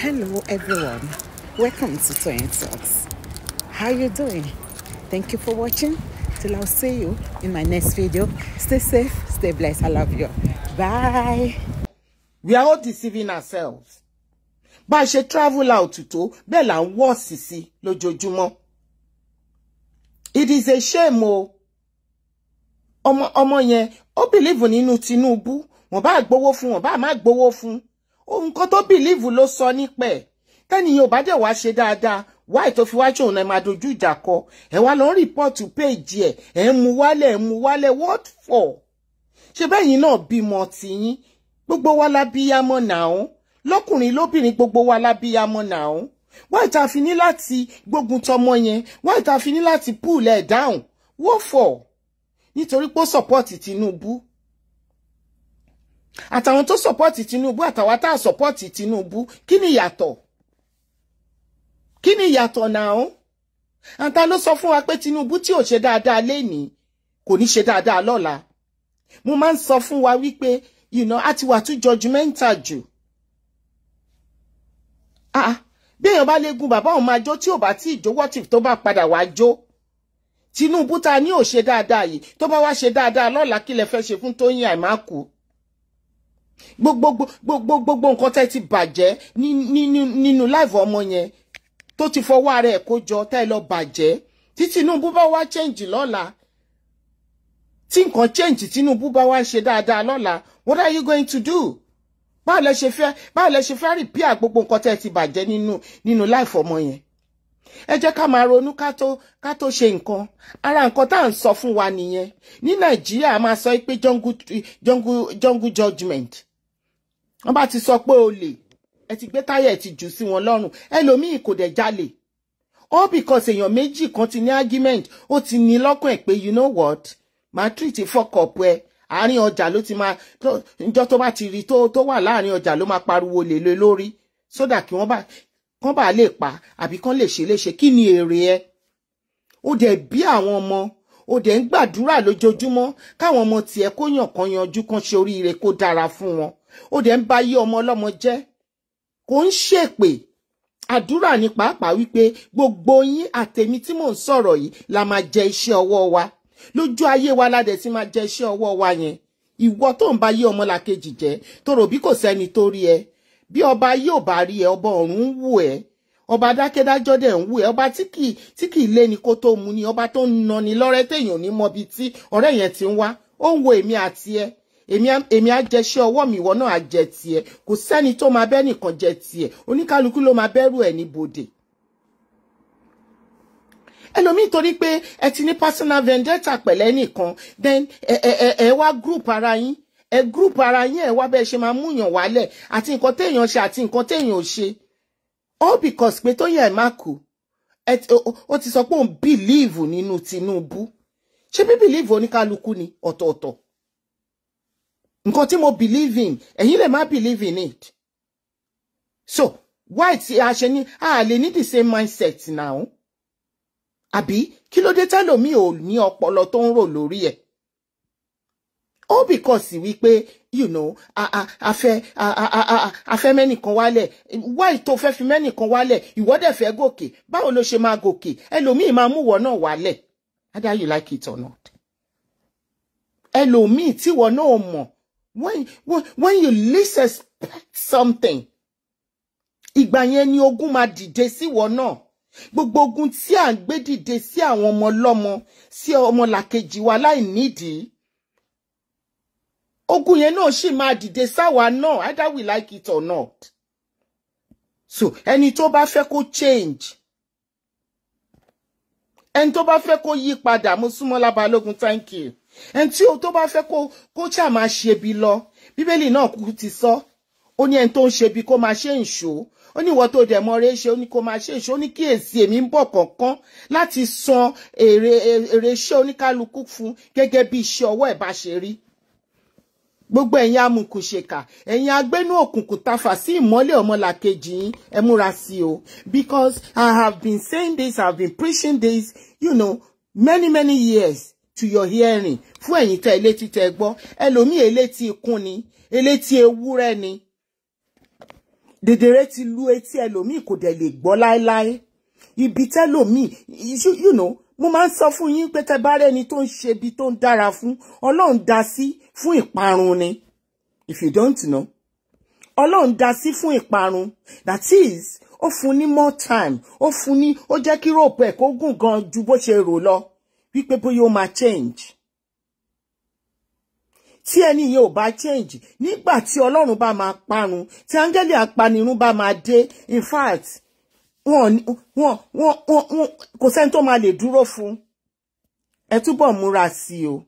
hello everyone welcome to Toyeen Talks how you doing thank you for watching till i'll see you in my next video stay safe stay blessed i love you bye we are all deceiving ourselves but she travel out tó bẹ́ẹ̀ là ń see sísí lójoojúmọ́ it is a shame oh. o ọmọ ọmọ yẹn ó bìlíìfù nínú Tinubu wọ́n bá gbowó fún wọ́n bá má gbowó fún nǹkan tó bìlíìfù ló sọ nípa ẹ̀ tẹ́nìyàn ò bá dẹ̀ wá ṣe dáadáa wáì tó fi wájú òun ẹ máa dojú ìjà kọ ẹ wá lọ rìpọ́ọ̀tù péèjì ẹ̀ ẹ̀ ń mu wálẹ̀ ẹ̀ ń mu wálẹ̀ what for? ṣe bẹ́yìn náà bímọ tiyín gbogbo wa la bíyamọ nàún lọ́kùnrin lóbìnrin gbogbo wa la bíyamọ nàún wáì tá a fi ní láti gbógun tọmọ yẹn wáì tá a fi ní láti púùlẹ̀ dáhùn what for? nítorí pé ó sọ̀pọ̀tì Tinubu àtàwọn tó sọpọ́ọ̀tì Tinubu àtàwọn tá a sọpọ́ọ̀tì Tinubu kí ni ìyàtọ̀ kí ni ìyàtọ̀ náà àtà ló sọ fún wa pé Tinubu tí ò ṣe dáadáa lénìí kò ní ṣe dáadáa lọ́la mo máa ń sọ fún wa wípé you know, a ti wà tún judgmental jù ah béèyàn bá lè gun bàbá òun máa jó tí ò bá tí ìjó tó bá padà wá jó Tinubu ta ni ò ṣe dáadáa yìí tó bá wá ṣe dáadáa lọ́la kí lè fẹ́ ṣe fún Tóyìn àìmáàkú gbogbo gbogbo gbogbo nǹkan tẹ́ ti bàjẹ́ nínú láìfọ ọmọ yẹn tó ti fọwọ́ ara ẹ̀ kó jọ tẹ́ ẹ lọ bàjẹ́ tí Tinubu bá wá change lọ́la tí nǹkan change Tinubu bá wá ṣe dáadáa lọ́la what are you going to do báwo lẹ ṣe fẹ́ báwo lẹ ṣe fẹ́ repair gbogbo nǹkan tẹ́ ti bàjẹ́ nínú nínú láìfọ ọmọ yẹn ẹ jẹ́ ká máa ronú ká tó ká tó ṣe nǹkan ara nǹkan tá à ń sọ fún wa nìyẹn ní Nàìjíríà a máa sọ pé jungle jungle jungle judgement wọ́n bá ti sọ pé olè ẹ ti gbé táyà ẹ ti jù sí wọn lọ́rùn ẹlòmíì kò dẹ̀ jalè all because èèyàn méjì kan ti ní argument ó ti ní lọ́kàn ẹ̀ pé you know what máa treat fuck up ẹ àárín ọjà ló ti máa njọ́ tó bá ti rí tó wà láàárín ọjà ló máa pariwo lè lé lórí sódà kí wọ́n bá kán bá lè pa àbí kán lè ṣe léṣe kí ni èrè ẹ ó dẹ̀ bí àwọn ọmọ ó dẹ̀ ń gbàdúrà lójoojúmọ́ káwọn ọmọ tiẹ̀ kó yàn kan yanjú kan ṣe oríire kó dára fún wọn ó dẹ̀ ń bá yí ọmọ ọlọ́mọ jẹ́ kò ń ṣèpè àdúrà ní pàápàá wípé gbogbo yín àtèmi tí mò ń sọ̀rọ̀ yìí la máa jẹ iṣẹ́ ọwọ́ wa lójú ayé wa la dẹ̀ ti máa jẹ iṣẹ́ ọwọ́ wa yẹn ìwọ tó ń bá yí ọmọ làkejì jẹ tó bí kò sẹ́ni tó rí ẹ bí ọba yìí ò bá rí ẹ ọba ọ̀run ń wù ẹ ọba dákẹ́dájọ́ dẹ̀ ń wù ẹ́ ọba tí kì tí kì í lé ni kó tó mu ni ọba tó ń nani lọ́rẹ́ téèyàn ní mọbi tí ọ̀rẹ́ yẹn ti ń wá ó ń wo èmi àti ẹ èmi á jẹṣẹ́ ọwọ́ mi ìwọ náà á jẹ tiẹ̀ kò sẹ́ni tó máa bẹ́ nìkan jẹ tiẹ̀ oníkálukú ló máa bẹ́rù ẹ̀ ní bòdè ẹlòmíì torí pé e ti ní personal vendetta pẹ̀lẹ́ nìkan then ẹ ẹ ẹ wá group ara yín ẹ group ara yín ẹ wá bẹ́ẹ̀ ṣe máa múyàn wálẹ̀ àti nǹkan téèyàn ṣe àti nǹkan téèyàn ò ṣe all because pé Tóyìn ẹ̀ má kú o ti sọ pé òun bìlíìvù nínú Tinubu ṣé bí bìlíìvù oníkálukú ni ọ̀tọ̀ọ̀tọ̀ nǹkan tí mo believe in ẹ̀yin lè má believe in it so why ti a ṣe ní a lè ní the same mindset now àbí kí ló dé tẹ́lòmíì ò ní ọpọlọ tó ń rò lórí ẹ̀ all because wípé you know afẹ afẹ mẹ́nìkan wálẹ̀ why tó fẹ́ fi mẹ́nìkan wálẹ̀ ìwọ dẹ̀ fẹ́ gòkè báwo ló ṣe máa gòkè ẹlòmíì máa mú ìwọ náà wálẹ̀ either you like it or not ẹlòmíì tíwọ náà mọ̀ when, when, when you least expect something ìgbà yẹn ni ogun máa dìde síwọ náà gbogbo ogun tí à ń gbé dìde sí àwọn ọmọ si sí ọmọlàkejì wa láì nídìí ogun yẹn náà sì máa dìde sáwa náà either we like it or not so ẹni tó bá fẹ́ kó change ẹni tó bá fẹ́ kó yí padà mo súnmọ́ lábalógun thank you ẹni tí o tó bá fẹ́ kó kó ṣà máa ṣe bí lọ bíbélì náà kú ti sọ ó ní ẹni tó ń ṣe bí kó máa ṣe ìṣó ó ní ìwọ tó dẹ̀ mọ rẹ ṣe ó ní kó máa ṣe ìṣó ó ní kíyèsí èmi ń bọ̀ kọ̀ọ̀kan láti san èrè èrè iṣẹ́ oníkálukú fún gẹ́gẹ́ bí iṣẹ́ ọwọ́ ẹ̀ bá ṣe rí gbogbo ẹ̀yin amùkùṣèkà ẹ̀yin agbénú òkùnkùn tafà sí ìmọ́lẹ̀ ọmọlàkejì yín ẹ múra sí o because I have been saying this I have been preaching this you know many many years to your hearing fún ẹ̀yin tẹ́ elétí tẹ́ gbọ, ẹlòmíì elétí ikún ni elétí ewúrẹ́ ni dèdèrè ti lu etí ẹlòmíì kò dẹ̀ lè gbọ́ láéláé ibi tẹ́lòmíì you know mo máa ń sọ fún yín pé tẹ́ bá rẹ́ni tó ń ṣe ibi tó ń dára fún ọlọ́run dá sí fún ìparun ni if you don't know ọlọ́run dá sí fún ìparun that is ó fún ní more time ó fún ní ó jẹ́ kí ròpù ẹ̀ kó gùn gan ju bó ṣe rò lọ wípé bóyá ó ma change tí ẹni yẹn ò bá change nígbà tí ọlọ́run bá máa parun tí áńgẹ́lì apanirun bá máa dé in fact wọn wọn wọn wọn kò sẹ́ni tó máa lè dúró fún ẹ túbọ̀ múra sí o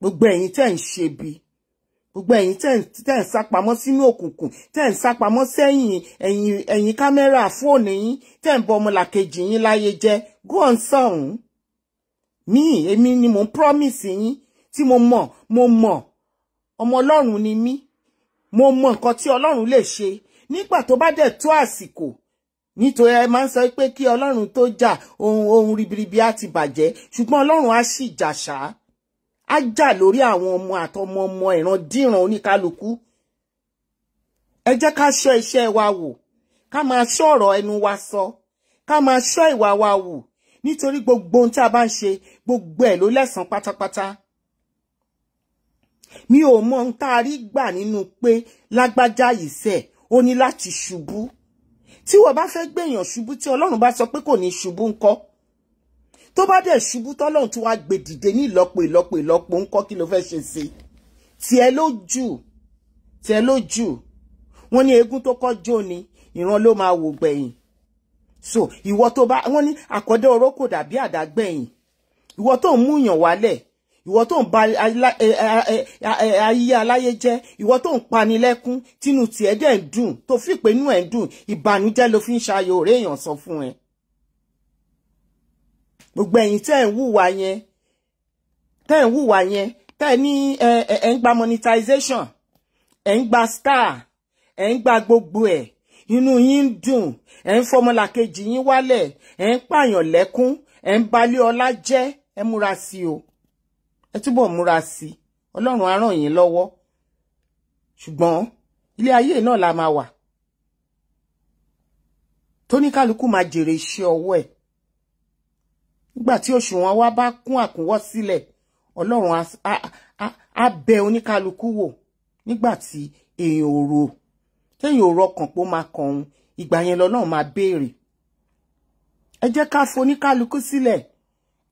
gbogbo ẹ̀yin tẹ́ ń ṣe bí gbogbo ẹ̀yin tẹ́ ń sápamọ́ sínú òkùnkùn tẹ́ ń sápamọ́ sẹ́yìn ẹ̀yìn ẹ̀yìn kámẹ́rà fóònù yín tẹ́ ń bọ ọmọlàkejì yín láyé jẹ́ go on sọ̀hún mi èmi ni mò ń promise yín tí mo mọ̀ mo mọ̀ ọmọ ọlọ́run ni mi, mo mọ̀ nǹkan tí ọlọ́run lè ṣe nígbà tó bá dẹ̀ tó àsìkò nítorí ẹ máa ń sọ pé kí ọlọ́run tó jà ohun ohun ribiribi á ti bàjẹ́ ṣùgbọ́n a á sì a ṣá á jà lórí àwọn ọmọ àtọmọ ọmọ ìran díran oníkálukú ẹ jẹ́ ká ṣọ́ iṣẹ́ wa wò ká máa ṣọ́ ọ̀rọ̀ ẹnu wa sọ ká máa ṣọ́ ìwà wa wò nítorí gbogbo ohun tí a bá ń ṣe gbogbo ẹ̀ ló lẹ́san pátápátá mi ò mọ ohun tá a rí gbà nínú pé lágbájá yìí sẹ ó ní láti ṣubú tí wọ́n bá fẹ́ gbèyàn ṣubú tí Ọlọ́run bá sọ pé kò ní ṣubú ńkọ́ tó bá dẹ̀ ṣubú tọ́lọ́run tí wàá gbè dìde ní ìlọ́po ìlọ́po ìlọ́po ńkọ́ kí ló fẹ́ ṣe sí i tiẹ̀ ló jù tiẹ̀ ló jù wọ́n ní eégún tó kọ́jọ́ ni ìran ló máa wò gbẹ̀yìn so ìwọ tó bá wọ́n ní àkọ́dé ọ̀rọ̀ kò dàbí àdágbẹ̀yìn ìwọ tó ń múyàn wálẹ̀ ìwọ tó ń ba ayé aláyé jẹ́ ìwọ tó ń panilẹ́kún tínú tiẹ̀ dẹ̀ ń dùn tó fi pé inú ẹ̀ ń dùn ìbànújẹ́ ló fi ń ṣayò òré èèyàn sọ fún ẹ gbogbo ẹ̀yin tẹ́ ń wùwà yẹn tẹ́ ń wùwà yẹn tẹ́ ní ẹ ẹ ń gba monetization ẹ ń gba star ẹ ń gba gbogbo ẹ̀. E inú yín ń dùn ẹ ń fọmọlàkejì yín wálẹ̀ ẹ ń pààyàn lẹ́kún ẹ ń balẹ̀ ọlá jẹ́ ẹ múra sí o ẹ túbọ̀ múra sí ọlọ́run á yín lọ́wọ́ ṣùgbọ́n ilé ayé náà la máa wà tóníkálukú máa jèrè iṣẹ́ ọwọ́ ẹ̀ nígbà tí òṣùwọ̀n wa bá kún àkúnwọ́ sílẹ̀ ọlọ́run á bẹ oníkálukú wò nígbà tí èèyàn ò rò téèyàn ò rọkàn pó máa kàn òun ìgbà yẹn lọ́lọ́run máa béèrè ẹ jẹ́ ká foníkálukú sílẹ̀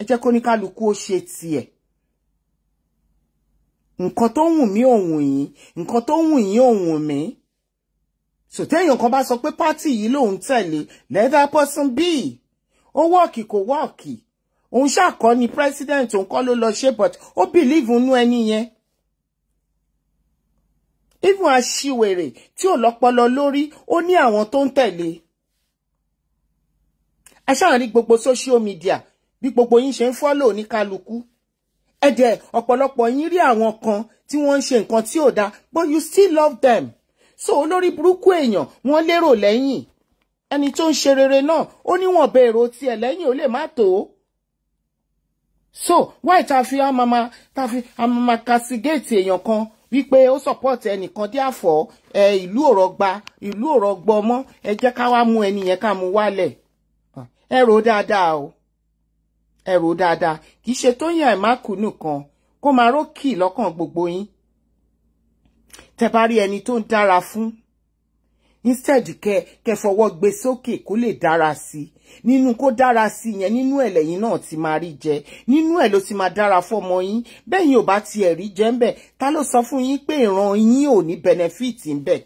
ẹ jẹ́ kóníkálukú ó ṣe tiẹ̀ nǹkan tó wùn mí òun yìí nǹkan tó wùn yìí òun mi so téèyàn kan bá sọ pé pátì yìí lòun tẹ̀lé leather person b ó wọ́ọ̀kì kò wọ́ọ̀kì òun ṣàkọ́ ni president òun kọ́ ló lọ ṣe but ó bìlíìfù nú ẹni yẹn even aṣiwèrè tí ò lọ́pọlọ lórí ó ní àwọn tó ń tẹ̀lé ẹ gbogbo social media bí gbogbo yín ṣe ń fọ́lò ní kálukú ẹ̀dẹ̀ ọ̀pọ̀lọpọ̀ yín rí kan tí wọ́n ń ṣe nǹkan tí ò but you still love them so olórí burúkú èèyàn wọ́n lérò lẹ́yìn ẹni tó ń ṣe rere náà ó níwọ̀n bẹ̀rù tiẹ̀ lẹ́yìn ó lè má tó so why ta fi amama ta fi amama castigate èèyàn kan wípé ó support ẹnìkan dé àfọ ẹ ìlú ọ̀rọ̀ gba ìlú ọ̀rọ̀ gbọ́ mọ́ ẹ jẹ́ ká wá mú ẹni yẹn ká mú wálẹ̀ ẹ rò dáadáa o ẹ rò dáadáa kì í ṣe Tóyìn Àìmákùnù kan kó máa rókì lọ́kàn gbogbo yín tẹ bá rí ẹni tó ń dára fún instead kẹ kẹ fọwọ́ gbé sókè kó lè dára sí i nínú kó dára sí i yẹn nínú ẹ̀ lẹ́yìn náà ti máa rí jẹ nínú ẹ̀ ló ti máa dára fọmọ yín bẹ́ẹ̀ yín ò bá tiẹ̀ rí jẹ ńbẹ̀ ta ló sọ fún yín pé ìran yín ò ní benefit ńbẹ̀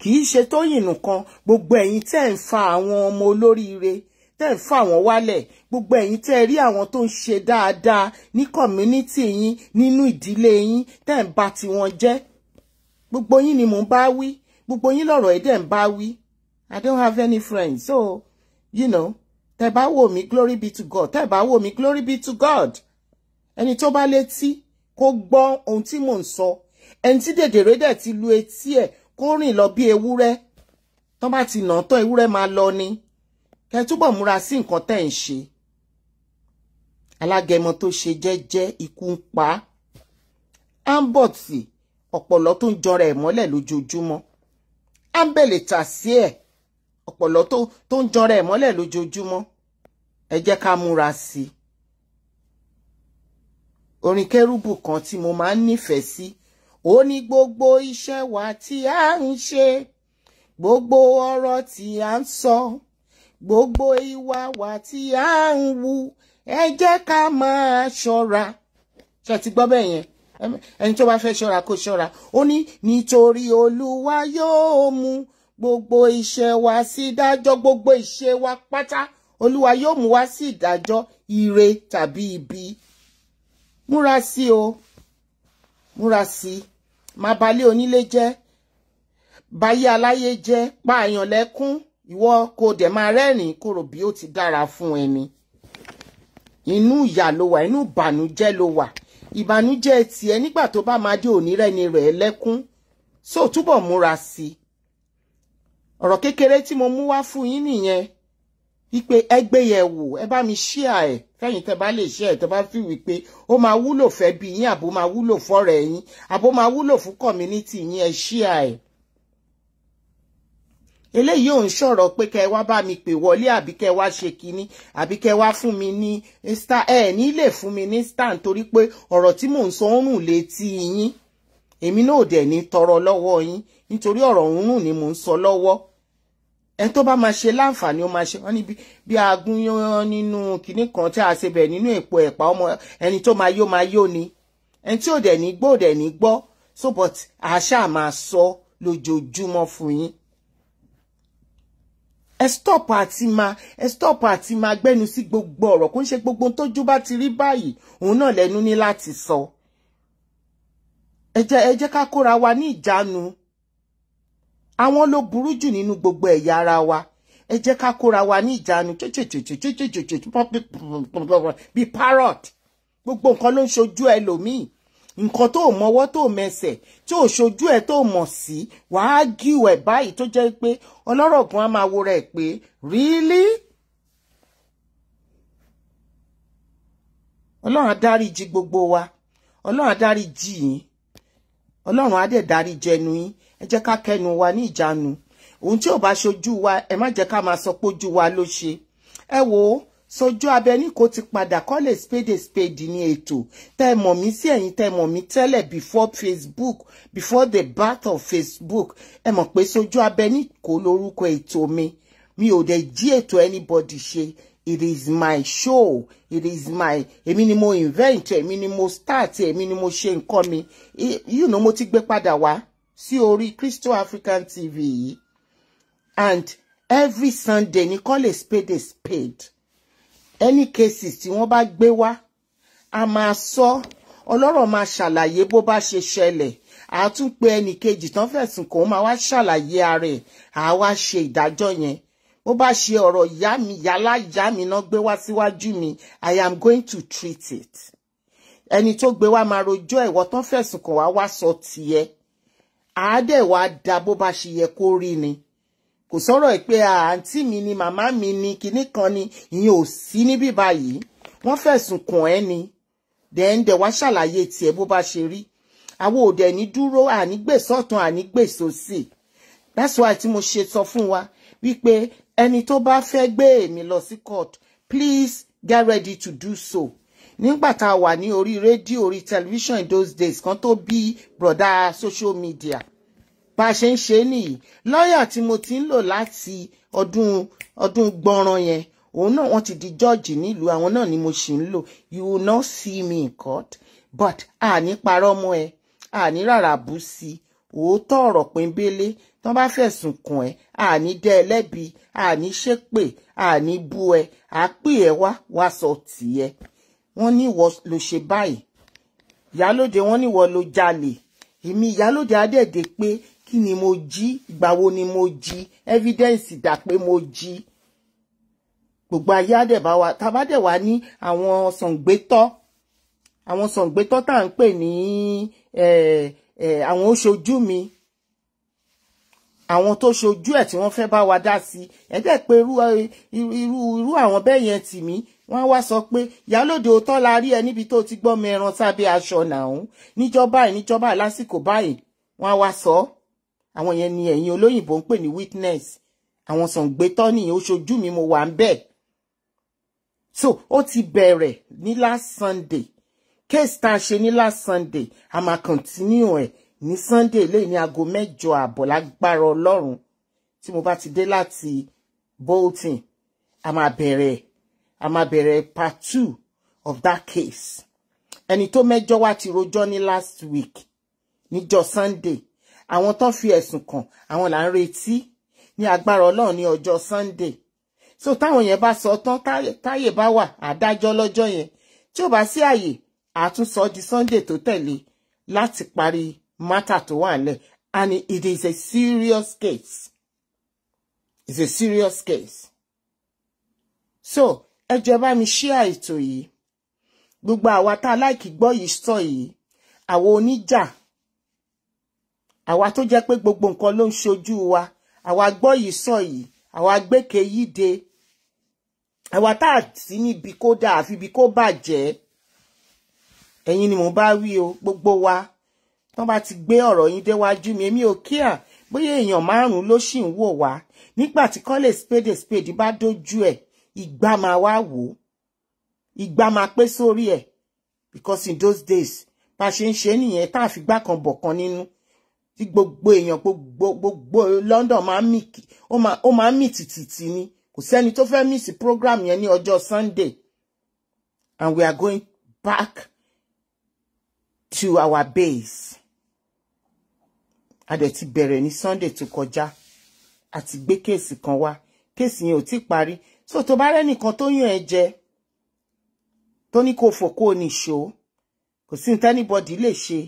kì í ṣe Tóyìn nìkan gbogbo ẹ̀yin tẹ́ ń fa àwọn ọmọ olóríire tẹ́ ń fà wọ́n wálẹ̀ gbogbo ẹ̀yin tẹ́ rí àwọn tó ń ṣe dáadáa ní kọ̀mínítì yín nínú ìdílé yín tẹ́ ń bà tiwọn jẹ́ gbogbo yín ni mò bá wí gbogbo yín lọ̀rọ̀ ẹ̀ dẹ̀ ń bá wí i don't have any friends so you know tẹ́ bá wò mí glory be to god tẹ́ bá wò mí glory be to god ẹni tó bá létí kó gbọ́ ohun tí mò ń sọ ẹni tí dèdèrè dẹ̀ ti lu etí ẹ̀ kó rìn lọ bí ewúrẹ́ tán bá ti nà tán ewúrẹ́ máa lọ ni kẹ́ túbọ̀ múra sí nǹkan tẹ́ ń ṣe alágẹmọ tó ṣe jẹ́jẹ́ ikú ń pa á ọ̀pọ̀lọ́ tó ń jọra ẹ̀ mọ́lẹ̀ lójoojúmọ́ áńbẹ̀lì tà sí ẹ̀ ọ̀pọ̀lọ́ tó ń jọra ẹ̀ mọ́lẹ̀ lójoojúmọ́ ẹ jẹ́ ká múra sí i orin kérúbù kan tí mo máa ń nífẹ̀ẹ́ sí ó ní gbogbo iṣẹ́ wa tí a ń ṣe gbogbo ọ̀rọ̀ tí a ń sọ gbogbo ìwà wa tí a ń wù ẹ jẹ́ ká máa ṣọ́ra ṣe ti gbọ́ bẹ́ẹ̀ yẹn ẹni tó bá fẹ́ ṣọ́ra kó ṣọ́ra ó ní nítorí olúwa yóò mú gbogbo iṣẹ́ wa sí ìdájọ́ gbogbo iṣẹ́ wa pátá olúwa yóò mú wa sí ìdájọ́ ire tàbí ibi múra sí o múra sí má balẹ̀ onílé jẹ́ báyé aláyé jẹ́ pààyàn lẹ́kún ìwọ kò dẹ̀ máa rẹ́rìn kó rò bí ó ti dára fún ẹni inú ìyà ló wà inú ìbànújẹ́ ló wà ìbànújẹ́ tiẹ̀ nígbà tó bá máa dé òní rẹ̀ lẹ́kún so túbọ̀ múra sí i ọ̀rọ̀ kékeré tí mo mú wá fún yín nìyẹn wípé ẹ gbé yẹ̀ wò ẹ bá mi ṣíà ẹ fẹ̀yìn tẹ́ bá lè ṣíà ẹ tẹ́ bá fi wípé ó máa wúlò fẹ́ bí yín àbó máa wúlò fọ́rẹ̀ yín àbó máa wúlò fún community yín ẹ ṣíà ẹ eléyìí ò ń sọ̀rọ̀ pé kẹ wá bá mi pè wọlé àbí kẹ wá ṣe kinní àbí kẹ wá fún mi ní insta ẹ ní lè fún mi ní insta nítorí pé ọ̀rọ̀ tí mò ń sọ ń rùn létí yín èmi náà dẹ̀ ní tọrọ lọ́wọ́ yín nítorí ọ̀rọ̀ ń ni mò ń sọ lọ́wọ́ ẹni tó bá máa ṣe láǹfààní ó máa ṣe wọn níbi bí agún yán nínú kinní kan tí a ṣe bẹ̀ nínú èpo ẹ̀pà ọmọ ẹni tó máa yó máa yó ni ẹni tí ò dẹ̀ ní gbọ́ ò dẹ̀ ní gbọ́ so but àṣà máa sọ lójoojúmọ́ fún yín ẹ stop àti máa ẹ stop àti máa gbẹ́nu sí gbogbo ọ̀rọ̀ kó ń ṣe gbogbo tójú bá ti rí báyìí òun náà lẹ́nu ní láti sọ ẹ jẹ́ ẹ jẹ́ ká kóra wa ní ìjánu àwọn ló burú jù nínú gbogbo ẹ̀yà ara wa ẹ ká kóra wa ní ìjánu bí parrot gbogbo nǹkan ló ń ṣojú ẹlòmíì nǹkan tó mọwọ́ tó mẹsẹ̀ tí ò ṣojú ẹ̀ tó mọ̀ sí wàá gíw ẹ̀ báyìí tó jẹ́ pé ọlọ́rọ̀ gan á máa wo rẹ̀ pé rílí ọlọ́run á dáríjì gbogbo wa ọlọ́run á ji, yín ọlọ́run á dẹ̀ dáríjì ẹnu yín ẹ jẹ́ ká kẹnu wa ní ìjánu ohun tí ò bá ṣojú wa ẹ má jẹ́ ká máa sọ pójú wa ló ṣe ẹ wo sojú abẹ ní kò ti padà kọ́lé spade spade ní ètò tẹ mọ̀ mí sí ẹ̀yin tẹ mọ̀ mí tẹ́lẹ̀ before Facebook before the birth of Facebook ẹ mọ̀ pé sojú abẹ ní kò lórúkọ ètò mi mi ò dẹ̀ jí ètò anybody ṣe it is my show it is my èmi ni mo invent èmi ni mo start èmi ni mo ṣe nǹkan mi you know mo ti gbé padà wá sí orí Crystal African TV yìí and every Sunday ni call a spade a spade any cases tí wọ́n bá gbé wá a máa sọ ọlọ́rọ̀ máa ṣàlàyé bó bá ṣe ṣẹlẹ̀ a tún pe ẹnì kejì tán fẹ̀sùn kàn máa wá ṣàlàyé ara ẹ̀ a wá ṣe ìdájọ́ yẹn bó bá ṣe ọ̀rọ̀ ìyá mi yálà ìyá mi náà gbé wá síwájú mi I am going to treat it ẹni tó gbé wá máa rojọ́ ẹ̀wọ́ tán fẹ̀sùn kàn wá wá sọ tiẹ̀ àádẹ́wàá da bó bá ṣe yẹ kó rí ni kò sọ̀rọ̀ ẹ̀ pé ah, àǹtí mi ni màmá mi ni kinní kan ni ìyẹn ò sí níbí báyìí wọ́n fẹ̀sùn kàn ẹ́ ni dẹ́ndẹ̀ wá ṣàlàyé tiẹ̀ bó bá ṣe rí àwọn òde ní dúró àní gbè sọ́tún àní gbè that's why tí mo ṣe sọ fún wa wípé ẹni tó bá fẹ́ gbé èmi lọ sí court please get ready to do so nígbà tá a wà ní orí rédíò orí tẹlifíṣàn in those days kan tó bí broda social media bá a ṣe ń ṣe nìyí lọ́ọ̀yà tí mo ti ń lò láti ọdún ọdún gbọ́nran yẹn òun náà wọ́n ti di jọ́ọ̀jì nílùú àwọn náà ni mo sì ń lò you will not see me in court but àní parọ́ mọ́ ẹ àní rárá bú sí i òótọ́ ọ̀rọ̀ pínbélé tí wọ́n bá fẹ̀sùn kàn ẹ́ àní dẹ́ ẹ lẹ́bi àní ṣépè àní bú ẹ àpè ẹ wá wá sọ tìẹ wọ́n ní ìwọ ló ṣe báyìí ìyálóde wọ́n ní ìwọ ló jalè èmi ìyálóde adẹ́ẹ̀dẹ́ pé kí ni mo jí ìgbà ni mo jí evidence dà pé mo jí gbogbo ayé àdẹ̀bá wa tàbá dẹ̀ wá ní àwọn sàngbétọ́ àwọn sàngbétọ́ tá à ń pè ní àwọn oṣojú mi àwọn tó ṣojú ẹ̀ tí wọ́n fẹ́ bá wa dá sí ẹ dẹ̀ pé irú irú àwọn bẹ́ẹ̀ yẹn tì mí wọ́n wá sọ pé ìyálòde òótọ́ la rí ẹ níbi tó ti gbọ́ mi ẹran sábẹ́ aṣọ nàún níjọ́ báyìí níjọ́ lásìkò báyìí wọ́n wá sọ ọ́ àwọn yẹn ni ẹ̀yin olóyìnbó ń pè ní witness àwọn sàngbétọ́ ni ó ṣojú mi mo wà ń bẹ̀ so ó ti bẹ̀rẹ̀ ní last Sunday case tá a ṣe ní last Sunday a máa continue ẹ̀ ní Sunday lẹ́yìn ní aago mẹ́jọ àbọ̀ lágbára Ọlọ́run tí mo bá ti dé láti Bolton a máa bẹ̀rẹ̀ a máa bẹ̀rẹ̀ part two of that case ẹni tó mẹ́jọ wá ti rojọ́ ní last week níjọ́ Sunday àwọn tán fi ẹ̀sùn kàn àwọn là ń retí ní agbára ọlọ́run ní ọjọ́ sunday so táwọn yẹn bá sọ tán táyè bá wà àdájọ́ lọ́jọ́ yẹn tí ò bá sí àyè àtúnsọ di sunday tó tẹ̀lé láti parí mátà tó wà lẹ̀ and it is a serious case it's a serious case so ẹ jọ̀ọ́ bá mi ṣí àìtò yìí gbogbo àwa tá a láìkí gbọ́ yìí sọ yìí àwọn oníjà àwa tó jẹ́ pé gbogbo nǹkan ló ń ṣojú wa àwa gbọ́ yìí sọ yìí àwa gbéke yìí de àwa tá a sí níbi kó dáa àfi ibi kó bàjẹ́ ẹ̀yin ni mò ń bá wí o gbogbo wa tán bá ti gbé ọ̀rọ̀ yín déwájú mi èmi ò kíà bóyá èèyàn márùn-ún ló ṣì ń wò wá nígbà tí kọ́lé spade spade bá dojú ẹ̀ ìgbà máa wá wò ó ìgbà máa pé sórí ẹ̀ because in those days bá a ṣe ń ṣe nìyẹn tá a fi gbá kan bọ̀ kan nínú tí gbogbo èèyàn gbogbo London máa ń mì ó máa ń mì tìtìtì ni kò sẹ́ni tó fẹ́ mì sí program yẹn ní ọjọ́ Sunday and we are going back to our base a dẹ̀ ti bẹ̀rẹ̀ ní Sunday tó kọjá a ti gbé kéèsì kan wá kéèsì yẹn ò tí parí so tó bá rẹ́nìkan tó yàn ẹ́ jẹ tó ní kó fò kó o nìṣó kò sí ní tẹ́nibọ́dì lè ṣe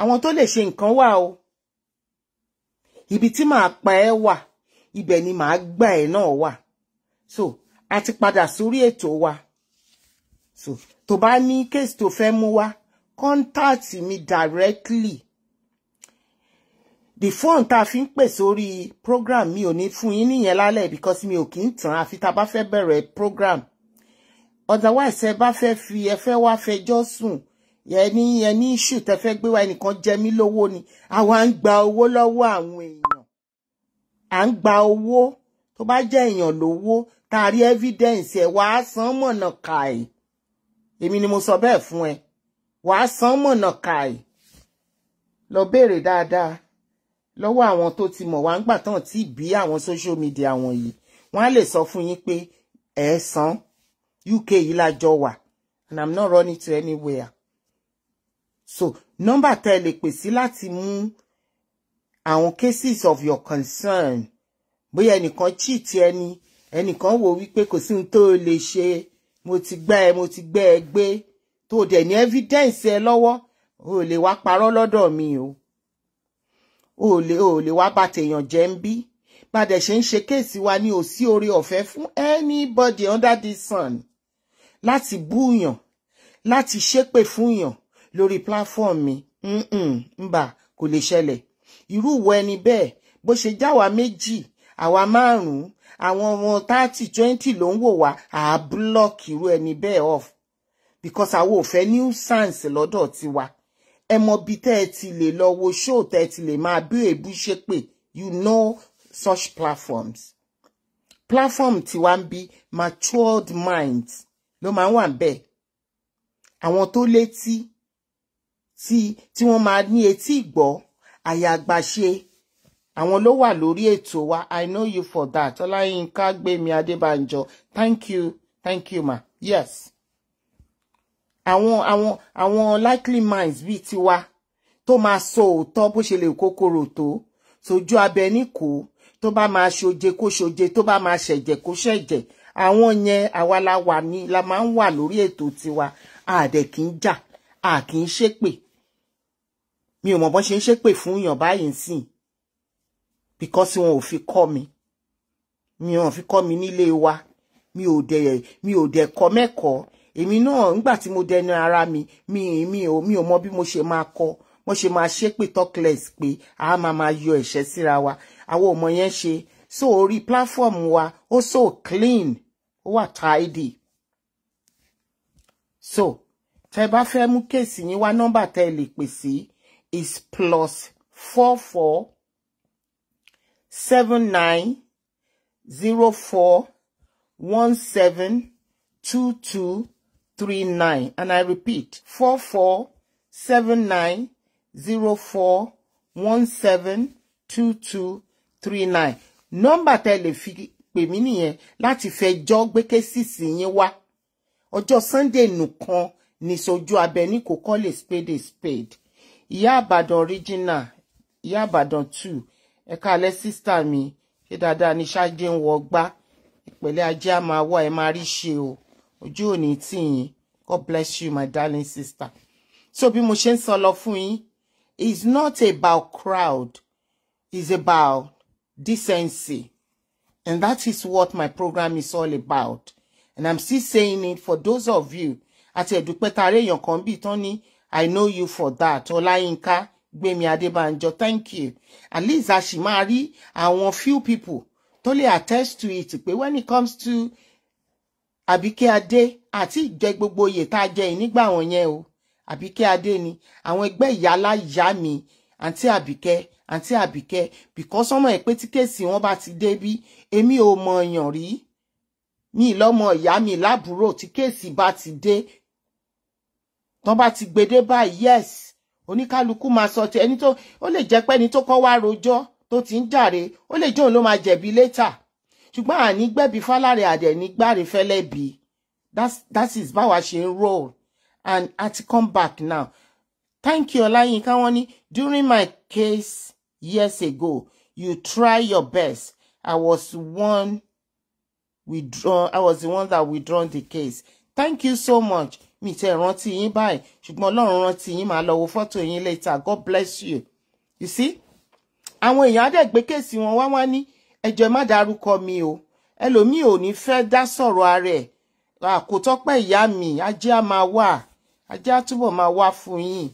àwọn tó lè ṣe nǹkan wà o ibi tí màá pa ẹ́ wà ibẹ̀ ni màá gbà ẹ́ náà wà so a ti padà sórí ètò wa so tó bá ní case tó fẹ́ mú wá contact mi directly the phone tá fi ń pè sórí program mi ò ní fún yín nìyẹn lálẹ́ because mi ò kì í tàn àfi tá bá fẹ́ bẹ̀rẹ̀ program otherwise ẹ bá fẹ́ fi ẹ fẹ́ wá fẹjọ́ sùn ẹni ẹni iṣu tẹ fẹ́ gbé wa ẹnìkan jẹ mí lówó ni àwa ń gba owó lọ́wọ́ àwọn èèyàn à ń gba owó tó bá jẹ́ èèyàn lówó tá a rí evidence ẹ̀ wàá san mọ̀nà kàì èmi ni mo sọ bẹ́ẹ̀ fún ẹ wàá san mọ̀nà kàì lọ béèrè dáadáa lọ́wọ́ àwọn tó ti mọ̀ wá ń gbà tán tí bí àwọn social media wọn yìí wọ́n á lè sọ fún yín pé ẹ̀ san UK yìí lájọ wà and I'm not running to anywhere so nọ́mbà tẹ́ lè pè sí láti mú àwọn cases of your concern bóyá ẹnìkan cheat ẹni ẹnìkan wò wípé kò sí ohun tó lè ṣe mo ti gbá ẹ mo ti gbé ẹ gbé tó dẹ̀ ní evidence ẹ lọ́wọ́ o lè wá parọ́ lọ́dọ̀ mi o o lè o lè wá bá tèèyàn jẹ́ ń bí bá dẹ̀ ṣe ń ṣe kéèsì wa ní òsí oore ọ̀fẹ́ fún anybody under the sun láti búyàn láti ṣépè fúnyàn lórí platform mi mbà kò lè ṣẹlẹ̀ irú ìwọ ẹni bẹ́ẹ̀ bó ṣe jáwa méjì àwa márùn-ún àwọn ọmọ thirty twenty ló ń wò wá à á block irú ẹni bẹ́ẹ̀ off because àwọn ò fẹ́ nuisance lọ́dọ̀ tiwa ẹ mọ bí tẹ́ ẹ ti lè lọ wo show tẹ́ ẹ ti lè máa bí èébú ṣe pé you know such platforms platform tiwa ń bí matured minds ló máa ń wà bẹ́ẹ̀ àwọn tó létí tí tí wọ́n máa ní etí ìgbọ́ àyàgbàṣe àwọn ló wà lórí ètò wa i know you for that ọláyínká gbémi adébánjọ thank you thank you ma yes àwọn àwọn àwọn likely minds bíi tiwa tó máa sọ òótọ́ bó ṣe lè kókòrò tó tójú abẹ níkò tó bá máa ṣoje kó ṣoje tó bá máa ṣẹ̀jẹ̀ kó ṣẹ̀jẹ̀ àwọn yẹn àwa la wà ní la máa ń wà lórí ètò tiwa àdẹ̀ kì í jà à kì í ṣépè mi ò mọ̀ bọ́n ṣe ń ṣépè fún èèyàn báyìí sìn because wọn ò fi kọ́ mi mi ò fi kọ́ mi nílé wa mi ò dẹ̀ mi ò dẹ̀ kọ́ mẹ́kọ̀ọ́ èmi náà nígbà tí mo dẹnu ara mi mi mi ò mi ò mọ bí mo ṣe máa kọ́ mo ṣe máa ṣépè talkless pé a máa máa yọ ẹ̀ṣẹ́ síra wa àwọn ọmọ yẹn ṣe so orí platform wa ó so clean ó wà tidy so tẹ bá fẹ́ mú case. yín wá number tẹ lè pè sí. Si is plus four four seven nine zero four one seven two two three nine and I repeat four four seven nine zero four one seven two two three nine nọ́mbà tẹ́ lè fi pè mí nìyẹn láti fẹjọ́ gbé késìsì yín wá ọjọ́ Sunday nìkan nìṣojú abẹ ní kò call a spade spade ìyá àbàdàn original ìyá àbàdàn two ẹ káalẹ́ sísítà mi ṣé dáadáa ní ṣáájú ń wọgbá ìpẹ̀lẹ́ ajé a máa wá ẹ máa rí ṣe o ojú òní tìyín god bless you my darling sister so bí mo ṣe ń sọ lọ fún yín it's not about crowd it's about decency and that is what my program is all about and i'm still saying it for those of you àti ẹ̀dùpẹ́ tààrẹ èèyàn kan bíi tán ní I know you for that. Olayinka Gbemi Adebanjo, thank you. At least Ashimari, àwọn few people totally attest to it. But when it comes to Abike Ade àti ìjẹ gbogbo oyè tá a jẹ nígbà wọn yẹn o. Abike Ade ni àwọn ẹgbẹ́ ìyálà ìyá mi àǹtí Abike àǹtí Abike because ọmọ ẹ̀ pé tí kéèsì wọn bá ti débí èmi ò mọ̀ ọ̀yàn rí mi lọ́mọ ìyá mi lábúrò tí kéèsì bá ti dé tán bá ti gbede báyìí yes oníkálukú máa sọ ti ẹni tó ó lè jẹ́ pé ẹni tó kọ́ wá rojọ́ tó ti ń jàre ó lè jẹ́ òun ló máa jẹ̀bi létà ṣùgbọ́n àní gbẹ̀bí fálárẹ̀ àdẹ̀ ní gbàre fẹ́lẹ́ bí that is báwa ṣe ń roll and i ti come back now thank you ọláyínká wọn ní during my case years ago you try your best i was one withdrawn i was the one that withdrawn the case thank you so much mi tẹ rántí yín báyìí ṣùgbọ́n Ọlọ́run rántí yín máa lọ wo fọ́tò yín later God bless you you see àwọn èèyàn àdẹgbé kéèsì wọn wá wá ní ẹjọ́ ẹ má dárúkọ mi o ẹlòmíì ò ní fẹ́ dá sọ̀rọ̀ ara ẹ̀ àkótọ́pẹ́ ìyá mi ajé a máa wà ajé á túbọ̀ máa wà fún yín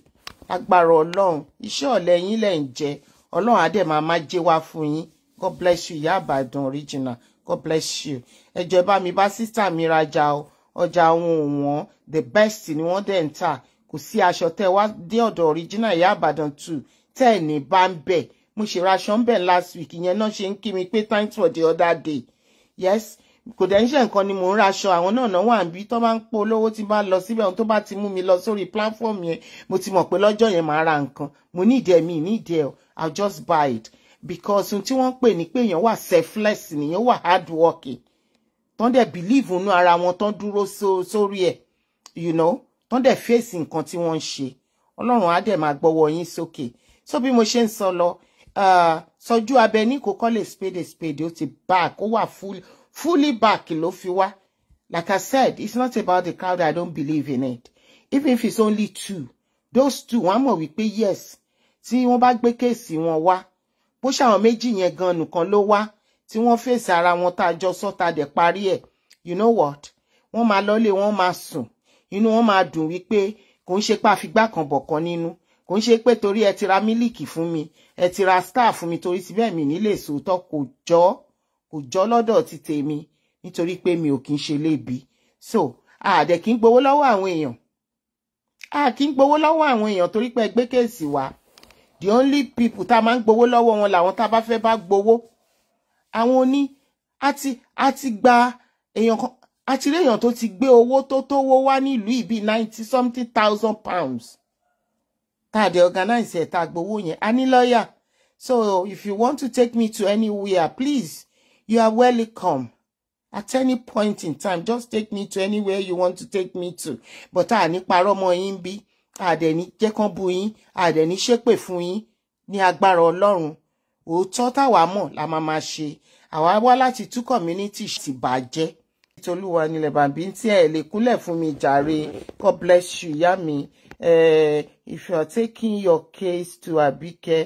agbára Ọlọ́run iṣẹ́ ọ̀lẹ yín lẹ ń jẹ Ọlọ́run á máa má jẹ wá fún yín God bless you ìyá Ìbàdàn original God bless you ẹjọ́ ẹ bá mi bá sísà mi rajà o ọjà àwọn òwọ̀n the best ni wọ́n dẹ̀ ń tà kò sí aṣọ tẹ́ wá dé ọ̀dọ̀ original ìyá àbàdàn two tẹ́ ẹ̀ ní bá ń bẹ̀ mo ṣe ra aṣọ ń bẹ̀ last week ìyẹn náà ṣe ń kí mi pé thanks for the other day yes kò dẹ̀ ń ṣe nǹkan ni mò ń raṣọ àwọn náà náà wà ń bí tó bá ń polówó tí bá lọ síbẹ̀ ohun tó bá ti mú mi lọ sórí platform yẹn mo ti mọ̀ pé lọ́jọ́ yẹn màá ra nǹkan mo ní ìdí ẹ̀mí ní ìdí ẹ̀ I'll just buy it because ohun tí wọ́n ń pè ní pé èèyàn wà selfless nìyẹn wà hard working tán dẹ̀ bìlíìfù nú ara wọn tán dúró sórí ẹ̀ you know tán dẹ̀ fèsì nǹkan tí wọ́n ń ṣe ọlọ́run á dẹ̀ máa gbọ́wọ́ yín sókè so bí mo ṣe ń sọ lọ uh, sọjú abẹ ní kò kọ́lé spade spade ó ti back ó wà fully back ló fi wá like I said it's not about the crowd I don't believe in it even if it's only two those two wọ́n á mọ̀ wípé yes tí wọ́n bá gbé kéèsì wọn wá bó ṣàwọn méjì yẹn gan nìkan ló wá tí wọ́n fèsì ara wọn tá a jọ sọ tá a dẹ̀ parí ẹ̀ you know what wọ́n máa lọ́lé wọ́n máa sùn inú wọn máa dùn wípé kò ń ṣe pé àfigbá kan bọ̀ kan nínú kò ń ṣe pé torí ẹ ti ra mílìkì fún mi ẹ ti ra star fún mi torí ti bẹ́ẹ̀ mi nílé sòótọ́ kò jọ́ kò jọ́ lọ́dọ̀ ti tèmi nítorí pé mi ò kì í ṣe lébi so àdẹ̀ kì í gbowó lọ́wọ́ àwọn èèyàn a kì í gbowó lọ́wọ́ àwọn èèyàn torí pé ẹ gbé kéèsì wá the only people tá a máa ń gbowó lọ́wọ́ wọn làwọn tá a bá fẹ́ bá gbowó àwọn oní àti àti gba èèyàn kan àti réèyàn tó ti gbé owó tó tówó wá nílùú ìbí ninety something thousand pounds tá a dé organize ẹ̀ tá a gbowó yẹn a ní lọ́ọ̀yà so if you want to take me to anywhere please you are welcome at any point in time just take me to anywhere you want to take me to but a ní parọ́ mọ́ yín bí àdẹ̀ ní jẹ́kán bu yín àdẹ̀ ní ṣépè fún yín ní agbára ọlọ́run òótọ́ táwa mọ̀ la máa máa ṣe àwa wá láti tú community ti bàjẹ́ tolúwa nílẹ̀ bàbí tí ẹ lè kúnlẹ̀ fún mi jàre God bless you ìyá mi if you are taking your case to Abike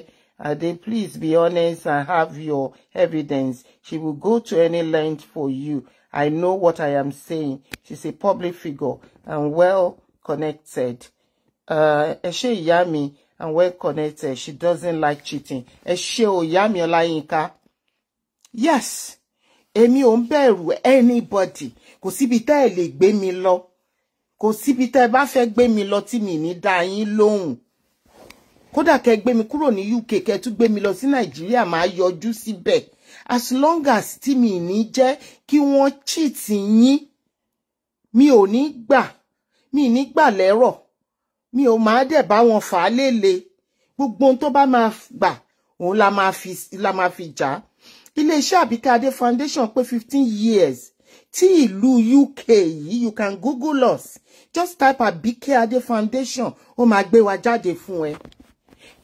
Ade uh, please be honest and have your evidence she will go to any length for you I know what I am saying she's a public figure and well connected uh, ẹ ṣé ìyá mi and well connected. She doesn't like cheating. Ẹ she o ìyá mi Ọláyínká. Yes, èmi ò ń anybody. Kò síbi tẹ́ ẹ lè gbé mi lọ. Kò síbi tẹ́ ẹ bá fẹ́ gbé mi lọ tí mi ní dá yín lóhùn. Kódà kẹ́ gbé mi kúrò ní UK kẹ́ tún gbé mi lọ sí Nàìjíríà máa yọjú síbẹ̀. As long as tí mi ní jẹ́ kí wọ́n cheat yín, mi ò ní gbà, mi ni gbà lero mi ò máa dẹ̀ bá wọn fà á léle gbogbo ohun tó bá máa gbà òun la máa fi la jà á iléeṣẹ́ Àbíkẹ́ Adé foundation pé fifteen years tí ìlú UK yìí you can google us just type Àbíkẹ́ Adé foundation ó máa gbé wa jáde fún ẹ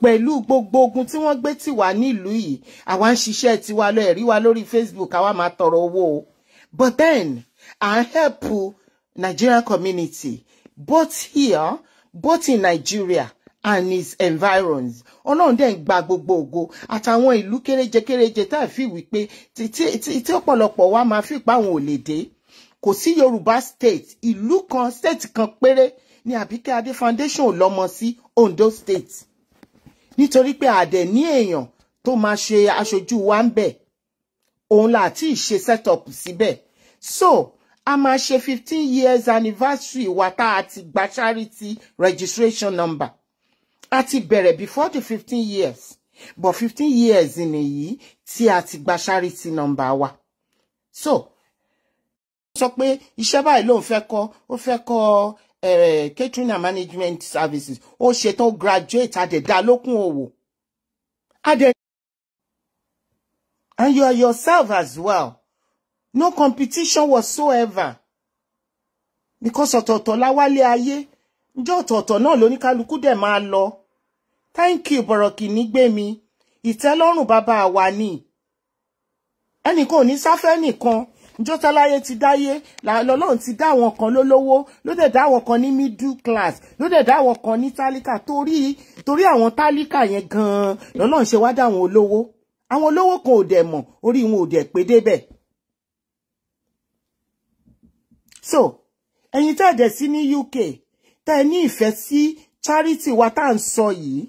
pẹ̀lú gbogbo ogun tí wọ́n gbé tiwa nílùú yìí àwa ń ṣiṣẹ́ tiwa lọ ẹ̀rí wa lórí Facebook àwa máa tọrọ owó o but then I help Nigerian community both here both in Nigeria and its environs ọlọ́run dẹ̀ ń gba gbogbo ògo àtàwọn ìlú kéréje kéréje tá a fi wípé tí ọ̀pọ̀lọpọ̀ wa máa fi pa àwọn ò lè dé kò sí Yorùbá state ìlú kan state kan péré ni Àbíkẹ́ Adé foundation ò lọ́mọ sí Ondo state nítorí pé àdẹ̀ ní èèyàn tó máa ṣe aṣojú wa ń bẹ̀ òun là á ṣe set up síbẹ̀ so a máa ṣe 15 years anniversary wa tá a gba charity registration number Ati bere before the 15 years but 15 years nìyí tí a ati gba charity number wa so sọ pé iṣẹ́ báyìí ló ń fẹ́ kọ́ ó fẹ́ kọ́ eh, catering and management services ó ṣetán graduate adẹ̀dá lókun òwò adẹ̀ and you are yourself as well No competition whatsoever. Because ọ̀tọ̀ọ̀tọ̀ la wálé ayé. Ǹjọ́ ọ̀tọ̀ọ̀tọ̀ náà ló ní kálukú dẹ̀ máa Thank you Bọ̀rọ̀kì Nígbèmí. Ìtẹ́lọ́rùn Baba wa ni. ko ni ní sáfẹ́ nìkan. Ǹjọ́ táláyé ti dáyé. Lọ́lọ́run ti dá àwọn kan lólówó. Ló dẹ̀ da àwọn kan ní middle class. Ló dẹ̀ dá àwọn kan ní tálíkà. Torí torí àwọn tálíkà yẹn gan-an. Lọ́lọ́run ṣe wá dá àwọn olówó. Àwọn olówó kan ò dẹ̀ mọ̀. Orí wọn ò dẹ̀ pé débẹ̀ so ẹ̀yin tẹ́ ẹ̀dẹ̀ sí ní UK tẹ́ ẹ ní ìfẹ́ sí charity wa tá à ń sọ yìí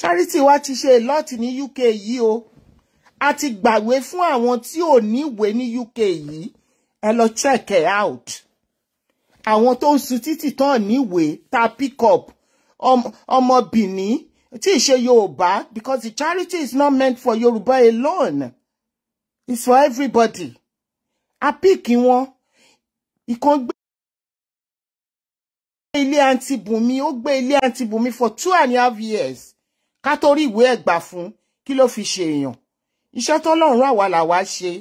charity wa ti ṣe lot ní UK yìí o a ti gbàwé fún àwọn tí ò níwèé ní UK yìí ẹ lọ check it out àwọn tó ń sun títì tán níwèé ta pick up ọmọ Benin tí ì ṣe Yorùbá because the charity is not meant for Yorùbá alone it's for everybody. A apíìkì wọn ìkan gbé ilé anti-Bumi. ó gbé ilé anti-Bumi for two and a half years ká tó rí ìwé ẹ̀gbà fún kí ló fi ṣe èèyàn iṣẹ́ tọ́lọ́run àwa làwa ṣe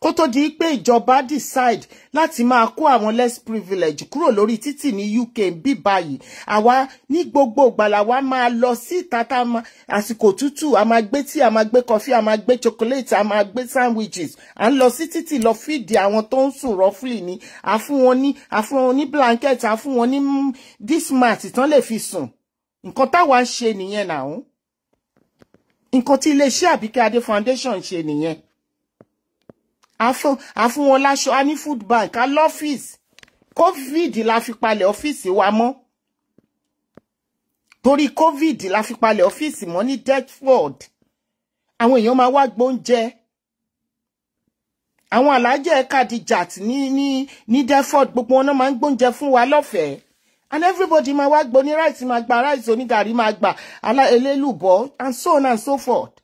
kó tó di pé ìjọba decide láti máa kó àwọn less privilege kúrò lórí títì ní UK bí báyìí àwa ní gbogbo ìgbàlà wa máa lọ sí tata tá àsìkò tútù a máa gbé tí a máa gbé kọfí a máa gbé chocolate a máa gbé sandwiches à ń lọ sí títì lọ fìdí àwọn tó ń sùn roughly ni a fún wọn ní a fún wọn ní blanket a fún wọn ní dismat tán lè fi sùn nǹkan táwa ń ṣe nìyẹn náà nǹkan tí iléeṣẹ́ Àbíkẹ́ Adé Foundation ń ṣe nìyẹn a fún wọn láṣọ a ní food bank a lọ́fíìsì covid la fi palẹ̀ ọ́fíìsì wa mọ́ torí covid la fi palẹ̀ ọ́fíìsì mọ́ ní Deptford àwọn èèyàn máa wá gbóúnjẹ àwọn alájẹ kadijat ní ní ní Deptford gbogbo wọn náà máa ń gbóúnjẹ fún wa lọ́fẹ̀ẹ́ and everybody máa wá gbóní rice máa gba rice onígàrí máa gbà alá elélùbọ́ and so on and so forth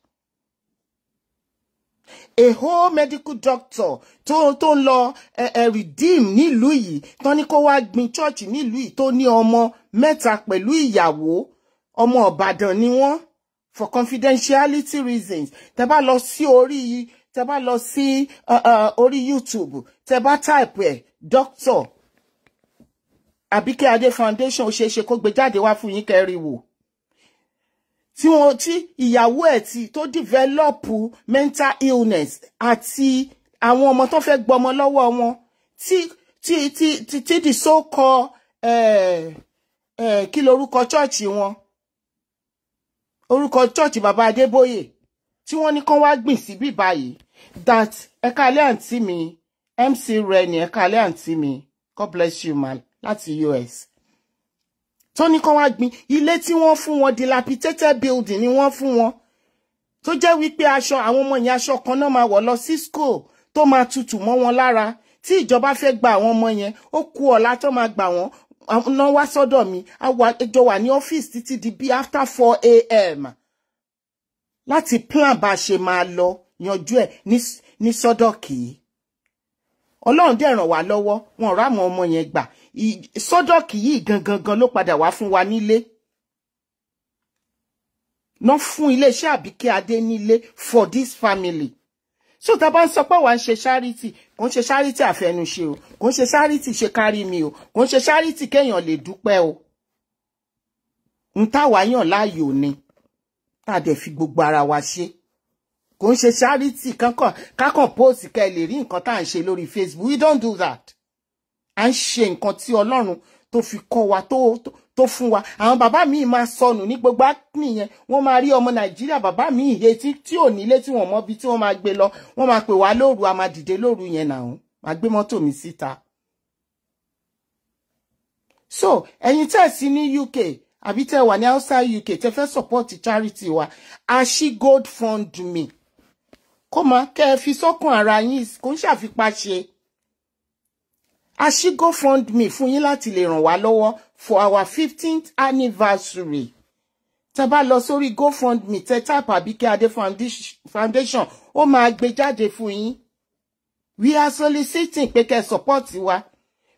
a whole medical doctor tó tó ń lọ eh, eh, redeem nílùú yìí tán ní kó wá gbin church nílùú yìí tó ní ọmọ mẹ́ta pẹ̀lú ìyàwó ọmọ Ìbàdàn ni wọ́n for confidentiality reasons tẹ́ bá lọ sí orí tẹ́ bá lọ sí eh, orí YouTube tẹ́ bá type ẹ̀ doctor Àbíkẹ́ ade Foundation ó ṣeé ṣe kó gbé jáde wá fún yín kẹ́rì wò tí wọ́n tí ìyàwó ẹ̀ ti tó develop mental illness àti àwọn ọmọ tó fẹ́ gbọ́mọ lọ́wọ́ wọn tí tí tí tí tí the so called eh, eh, kí lorúkọ chọ́ọ̀chì wọn orúkọ chọ́ọ̀chì bàbá Adébóyè tí wọ́n ní kán wá gbìn síbí báyìí that ẹ̀ka alẹ́ àǹtí mi MC Rẹ̀ ní ẹ̀ka alẹ́ àǹtí mi God bless you man láti US tán ní kán wá gbin ilé tí wọ́n fún wọn dilapidated building ni wọ́n fún wọn tó jẹ́ wípé aṣọ àwọn ọmọ yẹn aṣọ kan náà máa wọ̀ lọ sí school tó máa tutù mọ́ wọn lára tí ìjọba fẹ́ gba àwọn ọmọ yẹn ó kù ọ̀la tó máa gbà wọ́n náà wá sọ́dọ̀ mi àjọ wà ní ọ́fíìsì títí di bí after four a.m. láti plan bá a ṣe máa lọ yanjú ẹ̀ ní sọ́dọ̀ kì í ọlọ́run dẹ̀ ràn wá lọ́wọ́ wọn ò rámọ ọmọ yẹn gbà sọ́dọ̀kì yìí gangan ló padà wá fún wa nílé ná fún iléeṣẹ́ àbíkẹ́ adé nílé for this family so tá bá ń sọ pé wà ń ṣe charity kò ń ṣe charity àfẹnuṣe o kò ń ṣe charity ṣe kárí mi o kò ń ṣe charity kéèyàn lè dúpẹ́ o ń táwa yàn láàyò ni tá a dẹ̀ fi gbogbo ara wa ṣe kò ń ṣe charity kankan kákan post kẹ́ lè rí nǹkan tá à ń ṣe lórí Facebook we don't do that à ń ṣe nǹkan tí ọlọ́run tó fi kọ́ wa tó tó fún wa àwọn bàbá mi máa sọnù ní gbogbo ápùnì yẹn máa rí ọmọ nàìjíríà bàbá mi ìhe tí tí ò nílé tí wọ́n mọ bí tí wọ́n máa gbé lọ wọ́n máa pè wá lóru a máa dìde lóru yẹn nà án máa gbé mọ́tò mi síta. so ẹ̀yin tẹ́ ẹ̀ sí ní UK àbí tẹ́ ẹ wà ní outside UK tẹ́ fẹ́ support charity wa ashi gold fund me kó máa kẹ́ ẹ fi sọ́kàn ara yín kó ń ṣàfipá ṣe aṣígò fund me fún yín láti lè ràn wá lọ́wọ́ for our fifteenth anniversary tẹ bá lọ sórí gofundme tẹ tap Abike Ade foundation ó máa gbé jáde fún yín we are soliciting pé kẹ́ support wa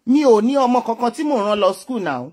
mi ò ní ọmọ kankan tí mò ń rán lọ school now